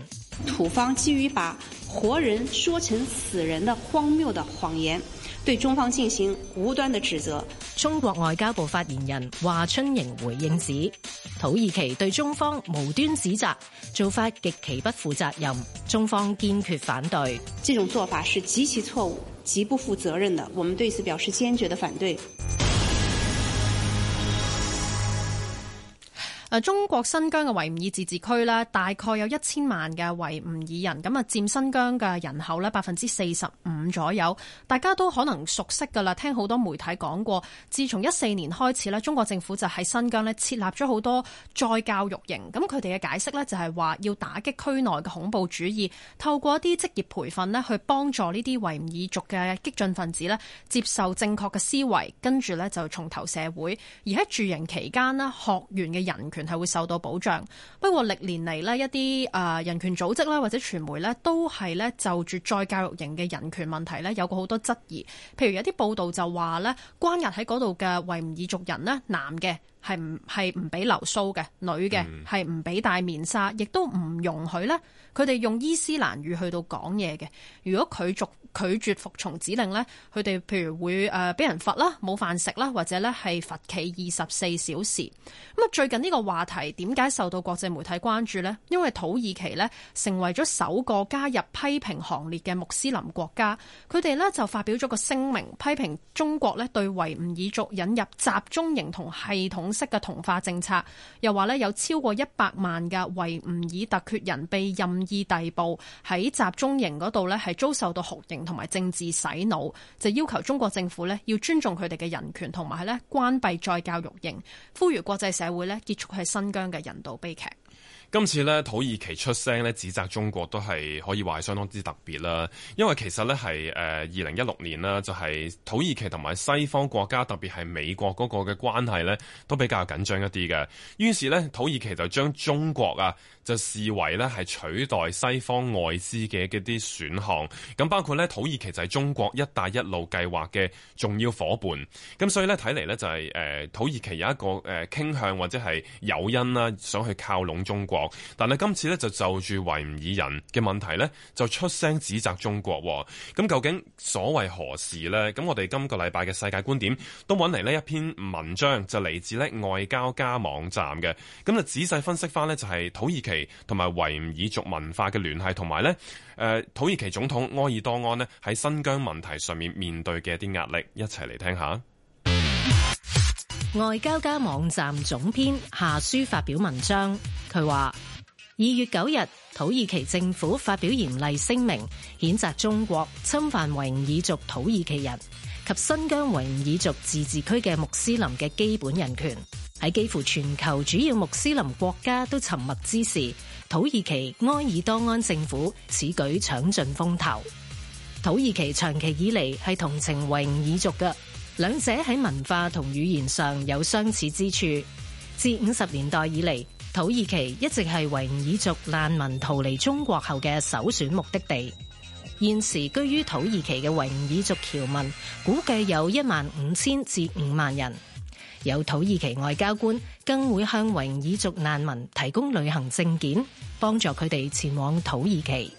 土方基於把活人說成死人的荒謬的謊言，對中方進行無端的指責。中國外交部發言人華春瑩回應指，土耳其對中方無端指責做法極其不負責任，中方堅決反對。這種做法是極其錯誤。極不負責任的，我們對此表示堅決的反對。中國新疆嘅維吾爾自治區呢大概有一千萬嘅維吾爾人，咁啊佔新疆嘅人口呢百分之四十五左右。大家都可能熟悉噶啦，聽好多媒體講過。自從一四年開始呢，中國政府就喺新疆呢設立咗好多再教育營。咁佢哋嘅解釋呢就係話要打擊區內嘅恐怖主義，透過一啲職業培訓呢去幫助呢啲維吾爾族嘅激進分子呢接受正確嘅思維，跟住呢，就從頭社會。而喺駐營期間呢，學員嘅人權。係會受到保障，不過歷年嚟咧一啲誒人權組織啦或者傳媒咧都係咧就住再教育營嘅人權問題咧有過好多質疑，譬如有啲報道就話咧關押喺嗰度嘅維吾爾族人咧男嘅。係唔係唔俾留鬚嘅，女嘅係唔俾戴面紗，亦都唔容許呢佢哋用伊斯蘭語去到講嘢嘅。如果拒絕拒絕服從指令呢，佢哋譬如會誒俾人罰啦，冇飯食啦，或者呢係罰企二十四小時。咁啊，最近呢個話題點解受到國際媒體關注呢？因為土耳其呢成為咗首個加入批評行列嘅穆斯林國家，佢哋呢就發表咗個聲明，批評中國呢對維吾爾族引入集中營同系統。式嘅同化政策，又話咧有超過一百萬嘅維吾爾突厥人被任意逮捕喺集中營嗰度咧係遭受到酷刑同埋政治洗腦，就要求中國政府咧要尊重佢哋嘅人權同埋咧關閉再教育營，呼籲國際社會咧結束係新疆嘅人道悲劇。今次咧土耳其出聲咧指責中國都係可以話係相當之特別啦，因為其實咧係誒二零一六年啦，就係、是、土耳其同埋西方國家，特別係美國嗰個嘅關係咧都比較緊張一啲嘅。於是咧土耳其就將中國啊。就視為咧係取代西方外資嘅一啲選項，咁包括咧土耳其就係中國一帶一路計劃嘅重要伙伴，咁所以咧睇嚟咧就係、是、誒、呃、土耳其有一個誒傾、呃、向或者係誘因啦、啊，想去靠攏中國，但係今次咧就就住維吾爾人嘅問題咧就出聲指責中國，咁究竟所為何事咧？咁我哋今個禮拜嘅世界觀點都揾嚟呢一篇文章，就嚟自咧外交家網站嘅，咁就仔細分析翻咧就係土耳其。同埋維吾爾族文化嘅聯繫，同埋咧，誒、呃，土耳其總統埃爾多安咧喺新疆問題上面面對嘅一啲壓力，一齊嚟聽，聽下。外交家網站總編下書發表文章，佢話：二月九日，土耳其政府發表嚴厲聲明，譴責中國侵犯維吾爾族土耳其人。及新疆維吾爾族自治區嘅穆斯林嘅基本人權，喺幾乎全球主要穆斯林國家都沉默之時，土耳其埃爾多安政府此舉搶盡風頭。土耳其長期以嚟係同情維吾爾族嘅，兩者喺文化同語言上有相似之處。自五十年代以嚟，土耳其一直係維吾爾族難民逃離中國後嘅首選目的地。現時居於土耳其嘅維吾爾族僑民估計有一萬五千至五萬人。有土耳其外交官更會向維吾爾族難民提供旅行證件，幫助佢哋前往土耳其。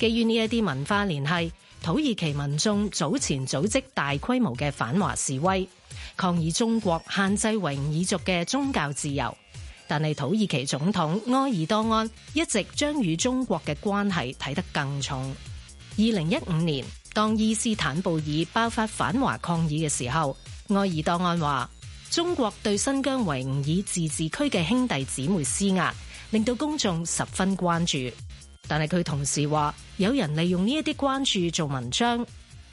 基於呢一啲文化聯繫，土耳其民眾早前組織大規模嘅反華示威，抗議中國限制維吾爾族嘅宗教自由。但係土耳其總統埃爾多安一直將與中國嘅關係睇得更重。二零一五年，當伊斯坦布爾爆發反華抗議嘅時候，愛爾多安話：中國對新疆維吾爾自治區嘅兄弟姊妹施壓，令到公眾十分關注。但係佢同時話，有人利用呢一啲關注做文章，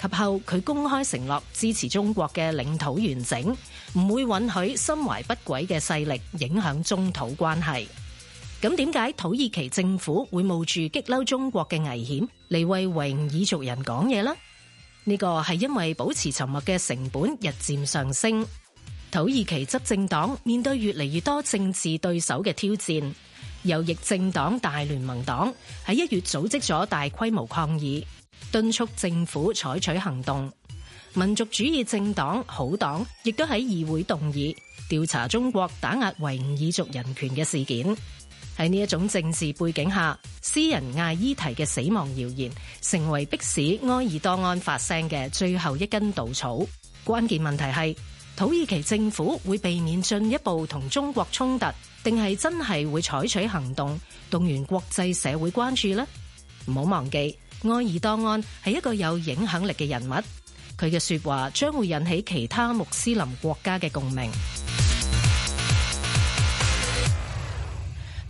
及後佢公開承諾支持中國嘅領土完整，唔會允許心懷不軌嘅勢力影響中土關係。咁點解土耳其政府會冒住激嬲中國嘅危險？嚟為維吾爾族人講嘢啦，呢個係因為保持沉默嘅成本日漸上升。土耳其執政黨面對越嚟越多政治對手嘅挑戰，右翼政黨大聯盟黨喺一月組織咗大規模抗議，敦促政府採取行動。民族主義政黨好黨亦都喺議會動議調查中國打壓維吾爾族人權嘅事件。喺呢一種政治背景下，私人艾伊提嘅死亡謠言成為迫使埃爾多安發聲嘅最後一根稻草。關鍵問題係土耳其政府會避免進一步同中國衝突，定係真係會採取行動動員國際社會關注呢？唔好忘記，埃爾多安係一個有影響力嘅人物，佢嘅說話將會引起其他穆斯林國家嘅共鳴。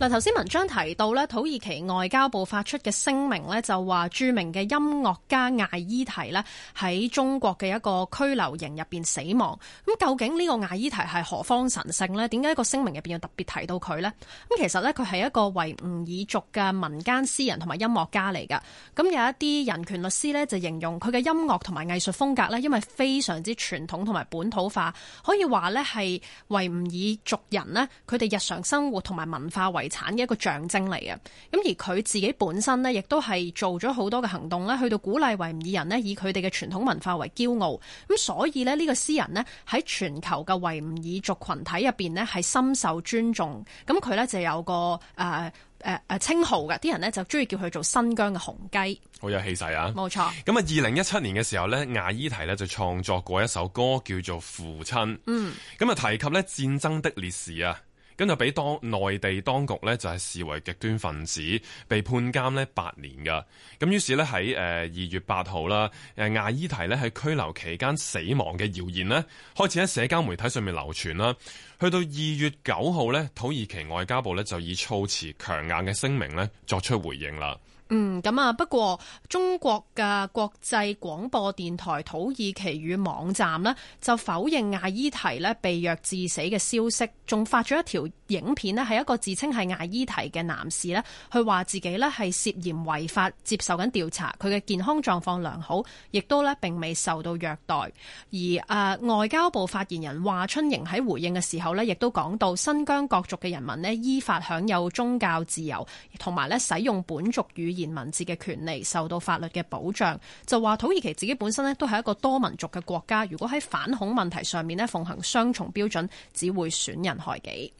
嗱，頭先文章提到咧，土耳其外交部發出嘅聲明咧，就話著名嘅音樂家艾伊提咧喺中國嘅一個拘留營入邊死亡。咁究竟呢個艾伊提係何方神聖咧？點解一個聲明入邊要特別提到佢咧？咁其實咧，佢係一個維吾爾族嘅民間詩人同埋音樂家嚟噶。咁有一啲人權律師咧，就形容佢嘅音樂同埋藝術風格咧，因為非常之傳統同埋本土化，可以話咧係維吾爾族人咧，佢哋日常生活同埋文化為產嘅一個象徵嚟嘅，咁而佢自己本身呢，亦都係做咗好多嘅行動咧，去到鼓勵維吾爾人呢，以佢哋嘅傳統文化為驕傲，咁所以呢，呢個詩人呢，喺全球嘅維吾爾族群體入邊呢，係深受尊重，咁佢呢，就有個誒誒誒稱號嘅，啲人呢，就中意叫佢做新疆嘅雄雞，好有氣勢啊！冇錯。咁啊，二零一七年嘅時候呢，亞依提呢，就創作過一首歌叫做《父親》，嗯，咁啊提及呢，戰爭的烈士啊。跟住俾當內地當局呢，就係視為極端分子，被判監呢八年噶。咁於是呢，喺誒二月八號啦，亞艾依提呢喺拘留期間死亡嘅謠言呢，開始喺社交媒體上面流傳啦。去到二月九號呢，土耳其外交部呢，就以措辭強硬嘅聲明呢作出回應啦。嗯，咁啊，不過中國嘅國際廣播電台土耳其語網站呢，就否認艾依提呢被虐致死嘅消息，仲發咗一條影片呢，係一個自稱係艾依提嘅男士呢，佢話自己呢係涉嫌違法接受緊調查，佢嘅健康狀況良好，亦都呢並未受到虐待。而誒、呃、外交部發言人華春瑩喺回應嘅時候呢亦都講到新疆各族嘅人民呢依法享有宗教自由，同埋呢使用本族語言言文字嘅權利受到法律嘅保障，就話土耳其自己本身都係一個多民族嘅國家，如果喺反恐問題上面咧，奉行雙重標準，只會損人害己。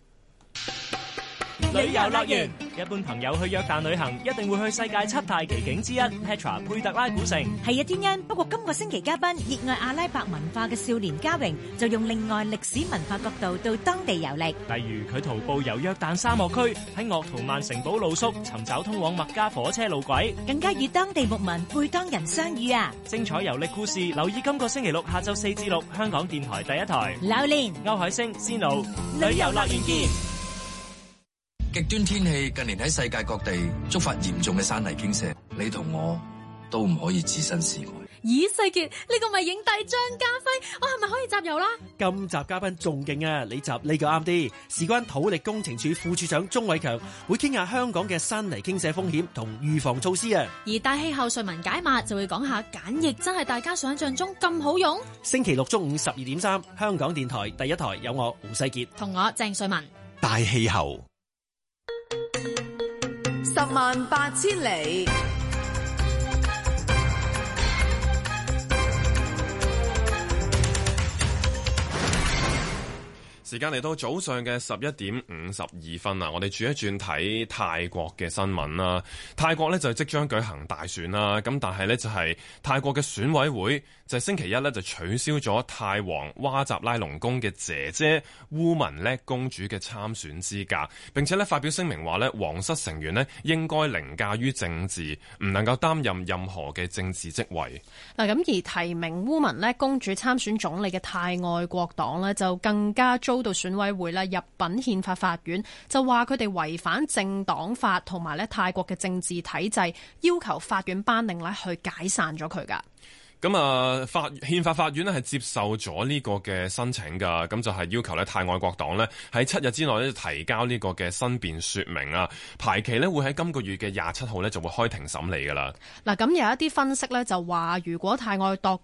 旅遊樂園，一般朋友去約旦旅行，一定會去世界七大奇景之一 Petra 佩特拉古城。係啊，天恩。不過今個星期嘉賓熱愛阿拉伯文化嘅少年嘉榮，就用另外歷史文化角度到當地遊歷。例如佢徒步遊約旦沙漠區，喺鄂圖曼城堡露宿，尋找通往麥加火車路軌，更加與當地牧民、貝都因人相遇啊！精彩遊歷故事，留意今個星期六下晝四至六，香港電台第一台。柳蓮、歐海星、司老，旅遊樂園見。極端天氣近年喺世界各地觸發嚴重嘅山泥傾瀉，你同我都唔可以置身事外。咦，世杰，呢個咪影帝張家輝？我係咪可以集郵啦？今集嘉賓仲勁啊！你集呢個啱啲。事關土力工程處副處長鍾偉強會傾下香港嘅山泥傾瀉風險同預防措施啊。而大氣候瑞文解碼就會講下簡易真係大家想象中咁好用。星期六中午十二點三，香港電台第一台有我胡世杰同我鄭瑞文大氣候。十萬八千里。時間嚟到早上嘅十一點五十二分啦，我哋轉一轉睇泰國嘅新聞啦。泰國呢就即將舉行大選啦，咁但係呢，就係泰國嘅選委會就星期一呢就取消咗泰王哇集拉隆功嘅姐姐烏文叻公主嘅參選資格，並且呢發表聲明話呢皇室成員呢應該凌駕於政治，唔能夠擔任任何嘅政治職位。嗱咁而提名烏文叻公主參選總理嘅泰愛國黨呢，就更加遭。高度選委會啦，入稟憲法法院就話佢哋違反政黨法同埋咧泰國嘅政治體制，要求法院頒令咧去解散咗佢噶。咁啊，法憲法法院咧係接受咗呢個嘅申請噶，咁就係要求咧泰愛國黨咧喺七日之內咧提交呢個嘅申辯說明啊，排期咧會喺今個月嘅廿七號咧就會開庭審理噶啦。嗱，咁有一啲分析呢，就話，如果泰愛國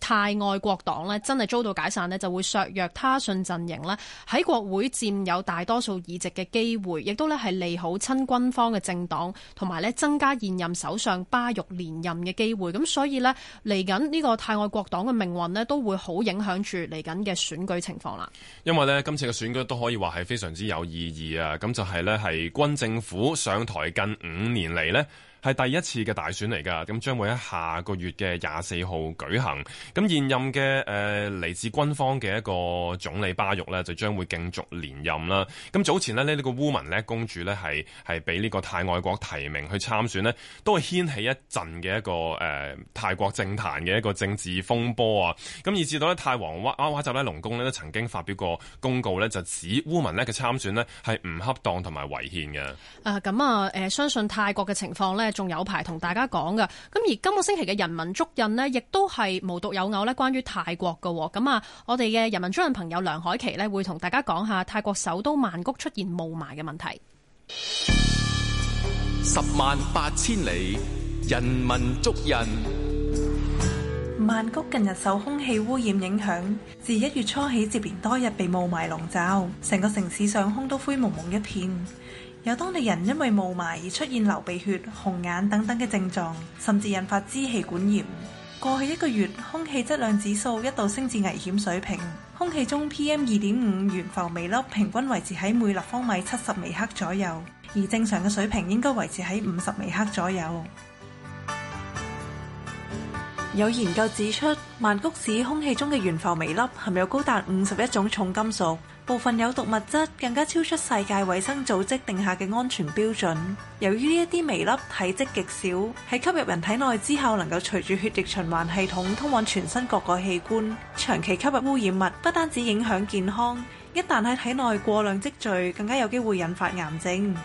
泰愛國黨呢真係遭到解散呢就會削弱他信陣營咧喺國會佔有大多數議席嘅機會，亦都呢係利好親軍方嘅政黨，同埋呢增加現任首相巴育連任嘅機會。咁所以呢，嚟緊呢個泰愛國黨嘅命運呢，都會好影響住嚟緊嘅選舉情況啦。因為呢，今次嘅選舉都可以話係非常之有意義啊！咁就係呢，係軍政府上台近五年嚟呢，係第一次嘅大選嚟㗎，咁將會喺下個月嘅廿四號舉行。咁現任嘅誒嚟自軍方嘅一個總理巴育呢，就將會競逐連任啦。咁早前咧，呢、這、呢個烏汶咧公主呢，係係俾呢個泰外國提名去參選呢都係掀起一陣嘅一個誒、呃、泰國政壇嘅一個政治風波啊。咁以至到呢，泰皇哇哇哇集拉隆功呢都曾經發表過公告呢就指烏汶呢嘅參選呢係唔恰當同埋違憲嘅。啊，咁啊誒、呃，相信泰國嘅情況呢。仲有排同大家講噶，咁而今個星期嘅《人民足印》呢，亦都係無獨有偶呢，關於泰國噶，咁啊，我哋嘅《人民足印》朋友梁海琪呢，會同大家講下泰國首都曼谷出現霧霾嘅問題。十萬八千里，《人民足印》。曼谷近日受空氣污染影響，自一月初起接連多日被霧霾籠罩，成個城市上空都灰蒙蒙一片。有當地人因為霧霾而出現流鼻血、紅眼等等嘅症狀，甚至引發支氣管炎。過去一個月，空氣質量指數一度升至危險水平，空氣中 PM 二點五懸浮微粒平均維持喺每立方米七十微克左右，而正常嘅水平應該維持喺五十微克左右。有研究指出，曼谷市空氣中嘅懸浮微粒含有高達五十一種重金屬。部分有毒物質更加超出世界衛生組織定下嘅安全標準。由於一啲微粒體積極少，喺吸入人體內之後，能夠隨住血液循環系統通往全身各個器官。長期吸入污染物，不單止影響健康，一旦喺體內過量積聚，更加有機會引發癌症。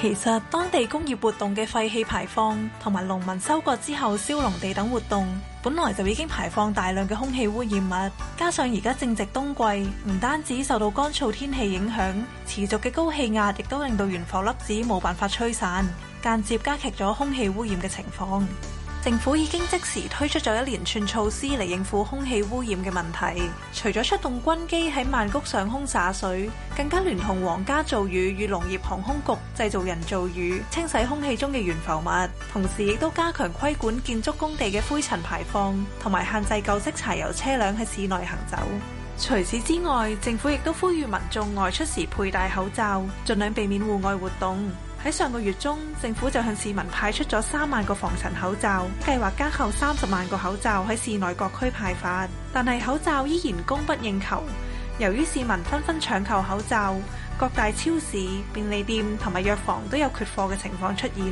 其實，當地工業活動嘅廢氣排放，同埋農民收割之後燒農地等活動，本來就已經排放大量嘅空氣污染物。加上而家正值冬季，唔單止受到乾燥天氣影響，持續嘅高氣壓亦都令到懸浮粒子冇辦法吹散，間接加劇咗空氣污染嘅情況。政府已經即時推出咗一連串措施嚟應付空氣污染嘅問題，除咗出動軍機喺曼谷上空灑水，更加聯同皇家造雨與農業航空局製造人造雨，清洗空氣中嘅懸浮物，同時亦都加強規管建築工地嘅灰塵排放，同埋限制舊式柴油車輛喺市內行走。除此之外，政府亦都呼籲民眾外出時佩戴口罩，盡量避免戶外活動。喺上個月中，政府就向市民派出咗三萬個防塵口罩，計劃加購三十萬個口罩喺市內各區派發。但係口罩依然供不應求，由於市民紛紛搶購口罩，各大超市、便利店同埋藥房都有缺貨嘅情況出現。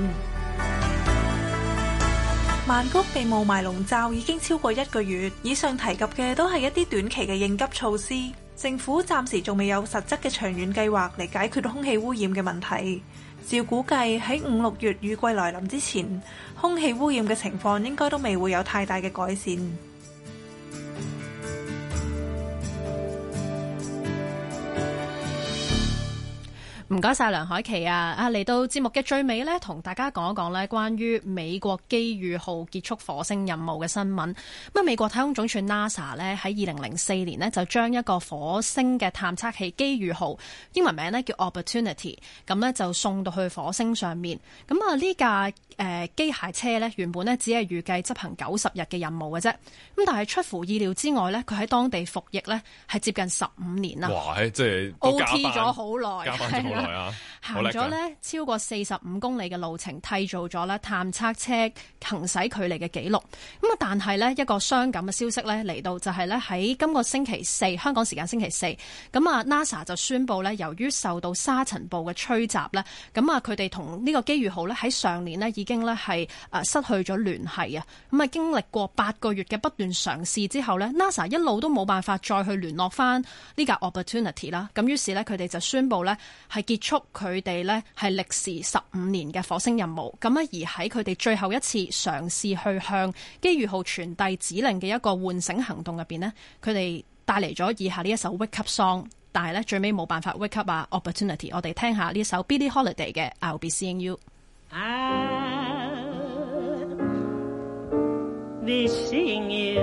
曼谷被霧霾籠罩已經超過一個月。以上提及嘅都係一啲短期嘅應急措施，政府暫時仲未有實質嘅長遠計劃嚟解決空氣污染嘅問題。照估計，喺五六月雨季來臨之前，空氣污染嘅情況應該都未會有太大嘅改善。唔該曬梁凱琪啊！啊嚟到節目嘅最尾呢，同大家講一講呢關於美國機遇號結束火星任務嘅新聞。咁啊，美國太空總署 NASA 呢，喺二零零四年呢，就將一個火星嘅探測器機遇號，英文名呢叫 Opportunity，咁呢就送到去火星上面。咁啊，呢架誒機械車呢，原本呢只係預計執行九十日嘅任務嘅啫。咁但係出乎意料之外呢，佢喺當地服役呢，係接近十五年啦。哇！即係 OT 咗好耐。係啊，行咗咧超過四十五公里嘅路程，締造咗咧探測車行駛距離嘅紀錄。咁啊，但係咧一個傷感嘅消息咧嚟到，就係咧喺今個星期四，香港時間星期四，咁啊 NASA 就宣布咧，由於受到沙塵暴嘅吹襲咧，咁啊佢哋同呢個機遇號咧喺上年咧已經咧係誒失去咗聯繫啊。咁啊，經歷過八個月嘅不斷嘗試之後咧，NASA 一路都冇辦法再去聯絡翻呢架 Opportunity 啦。咁於是咧佢哋就宣布咧係。結束佢哋咧係歷時十五年嘅火星任務，咁啊而喺佢哋最後一次嘗試去向機遇號傳遞指令嘅一個喚醒行動入邊咧，佢哋帶嚟咗以下呢一首 wake up song，但係呢，最尾冇辦法 wake up 啊 opportunity，我哋聽下呢首 Billie Holiday 嘅 I'll be seeing you。I'll be seeing you,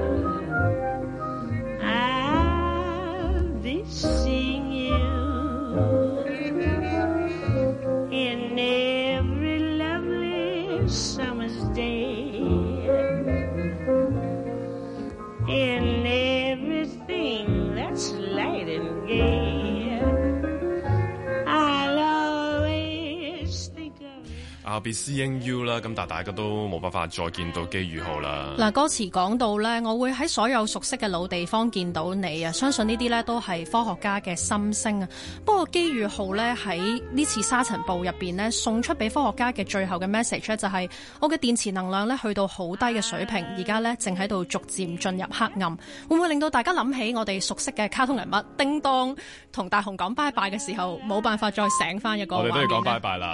B C N U 啦，咁但大家都冇辦法再見到機遇號啦。嗱，歌詞講到呢，我會喺所有熟悉嘅老地方見到你啊！相信呢啲呢都係科學家嘅心聲啊。不過機遇號呢，喺呢次沙塵暴入邊呢，送出俾科學家嘅最後嘅 message 呢，就係我嘅電池能量呢，去到好低嘅水平，而家呢，正喺度逐漸進入黑暗。會唔會令到大家諗起我哋熟悉嘅卡通人物叮當同大雄講拜拜嘅時候，冇辦法再醒翻一個畫面呢？我哋都要講拜拜啦。